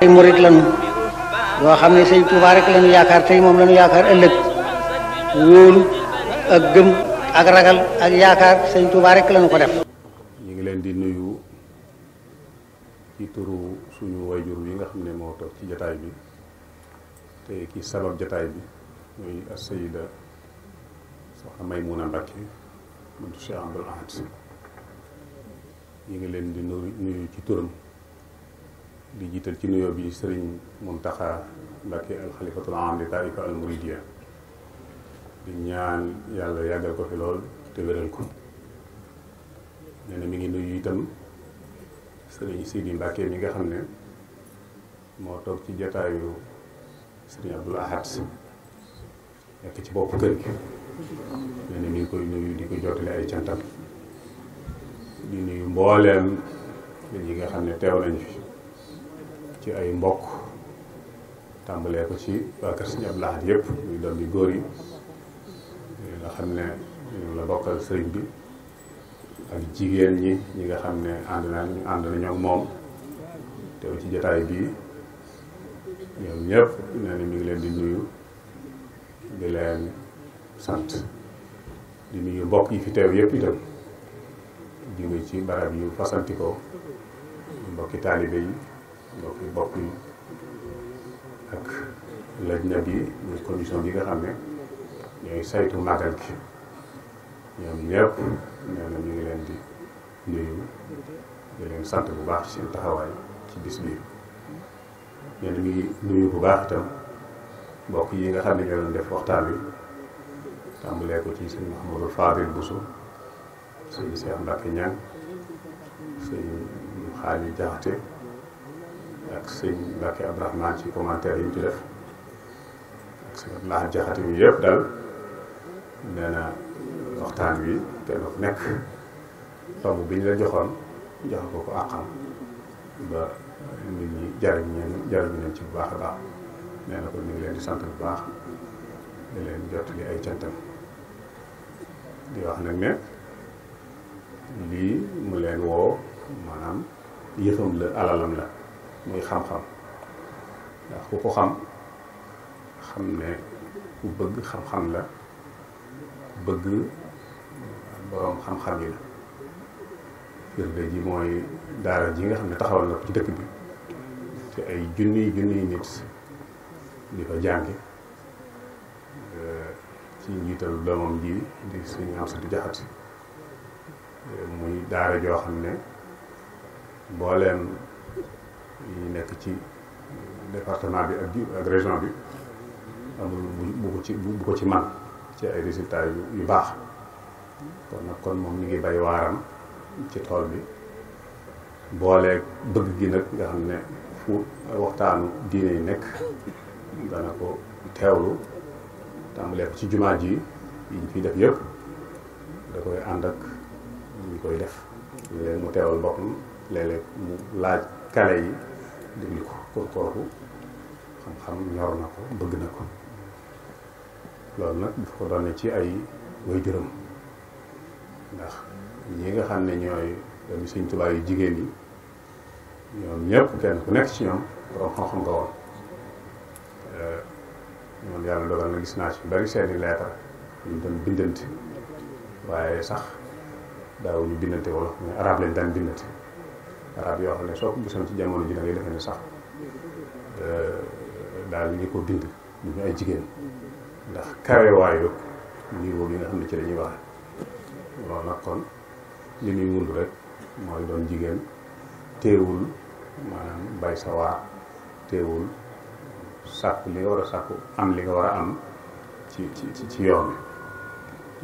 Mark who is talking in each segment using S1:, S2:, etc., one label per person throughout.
S1: ay murit lañu xam ne sëñ Tuubaa rek lañu yaakaar tey moom lañu yaakaar ëllëg wóolu ak gëm ak ragal ak yaakaar sëñ Tuubaa rek lañu ko def ngi leen di nuyu ci turu suñu wayjur yi nga xam ne moo toog ci jataay bi te ki sabab jataay bi muy as-Sayyida Soxna Maymuna Mbàkke moom Cheikh Abdoul Ahad ñu ngi leen di nuyu ci turam di jiital ci nuyoo bi sëriñ Muntaxa Mbàkke alxalifatul am di taarifa di ñaan yàlla yàggal ko fi lool te wéral ko nee na ngi nuyu itam sëriñ Sidi Mbàkke mi nga xam ne moo toog ci jataayu sëriñ Abdul Ahad nekk ci bopp kër gi nee na ngi koy nuyu di ko jottali ay cantam di nuyu mbooleem ñi nga xam ne teew nañ fi ci ay mbokk tàmbalee ko ci waa kër Sëriñ Abdou Lahad yëpp muy doom yu góor yi nga xam ne ñu la bokkal sëriñ bi ak jigéen ñi ñi nga xam ne ànd na ñu ànd moom teew ci jotaay bii ñoom ñëpp nee na mi ngi leen di nuyu di leen sant di nuyu mbokk yi fi teew yëpp itam jóge ci barab yu fasantikoo mbokki taalibe yi bokk yi bopp yi ak laj na bi muy commission bi nga xam ne ñooy saytu màggal gi ñoom ñëpp nee na ñu ngi leen di nuyu di leen sant bu baax seen taxawaay bis bi nee na mi ngi nuyu baax itam mbokk yi nga xam ne ñoo doon def waxtaan wi tàmbalee ko ci sëñ Mouhamadou Fadil Bousso sëñ Cheikh Mbacke Niang sëñ Xaali Jaxate ak sëñ Mbacke Abdourahmane ci commentaire yi mu ci def ak sëñ Abdoulaye Jaxate yi yëpp daal nee waxtaan wi kenn ku nekk tomb bi ñu la joxoon jox ko ko àqam ba nit ñi jariñ ñeen jariñ ci bu baax baax nee na kon ñu ngi leen di sant bu baax di leen jottali ay cantam di wax nag ne lii mu leen woo maanaam yëfam la alalam la muy xam-xam ndax ku ko xam xam ne ku bëgg xam-xam la bëgg boroom xam-xam yi la firnde ji mooy daara ji nga xam ne taxawal na ci dëkk bi te ay junniy junniy nit di fa jànge eh, ci njiital doomam ji di suñu am satu jaxat eh, muy daara joo xam ne mbooleem yi nekk ci département bi ak ak région bi amul bu ko ci bu ko ci man ci ay résultats yu baax kon nag kon moom mi ngi bay waaram ci tool bi booleeg bëgg gi nag nga xam ne fu waxtaanu diine yi nekk dana ko teewlu tàmbalee ko ci jumaa ji yi ñu fiy def yëpp da koy ànd ak ñu koy def léeg-léeg mu teewal boppam léeg-léeg mu laaj kale yi déglu ko kon kooku xam-xam ñor na ko bëgg na ko loolu nag dafa ko doon ci ay way juróom ndax ñi nga xam ne ñooy doomi Sëñ Tuubaa yu jigéen yi ñoom ñëpp kenn ku nekk ci ñoom borom xam-xam nga woon eh, ñoom yàlla dogal na gis naa ci bari seeni leetar ñu doon bindante waaye sax daawuñu bindante wolof mais arab lañ daan bindante arab yoo xam ne soo ko gisoon ci jamono ji da ngay defe ne sax euh, daal ñi ko bind ñu ay jigéen ndax kawewaayu niveau bi nga xam ne ci lañuy wax loolu nag kon doon jigéen teewul maanaam bay sa li nga war a sàkku am li nga war a am ci ci ci yoon bi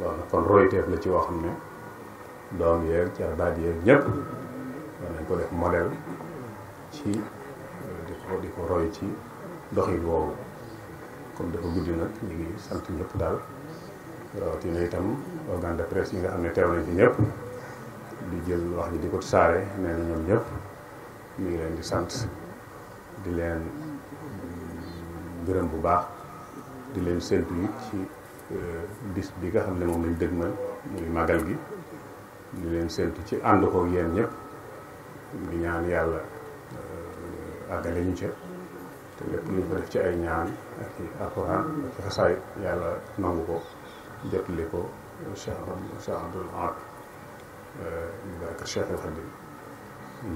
S1: loolu nag kon royteef la ci woo xam ne doom yeeg ca baat yeeg nañ ko def modèle ci di ko di ko roy ci doxin woowu comme dafa guddi nag ñu ngi sant ñëpp daal rawatina itam organe de presse yi nga xam ne teew nañ fi ñëpp di jël wax ni di ko saare nee ñoom ñëpp ñu ngi leen di sant di leen gërëm bu baax di leen séntu ci dis euh, bi nga xam ne moom lañ dëgmal muy màggal gi di leen séntu ci ànd ko yéen ñëpp di ñaan yàlla euh, àggale ñu ca te lépp ñu ko def ci ay ñaan ak ci alxuraan ak xasaay yàlla nangu ko jotali ko euh, Cheikh Cheikh Abdoul Ahad euh, ñu barke Cheikh Khadim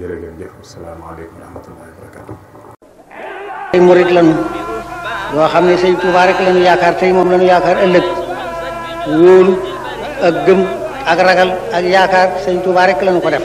S1: jërë ngeen jëf asalaamaaleykum wa rahmatullahi wa barakatu ay murit lañu yoo xam ne sëñ Tuubaa rek lañu yaakaar tey moom lañu yaakaar ëllëg wóolu ak gëm ak ragal ak yaakaar sëñ Tuubaa rek ko def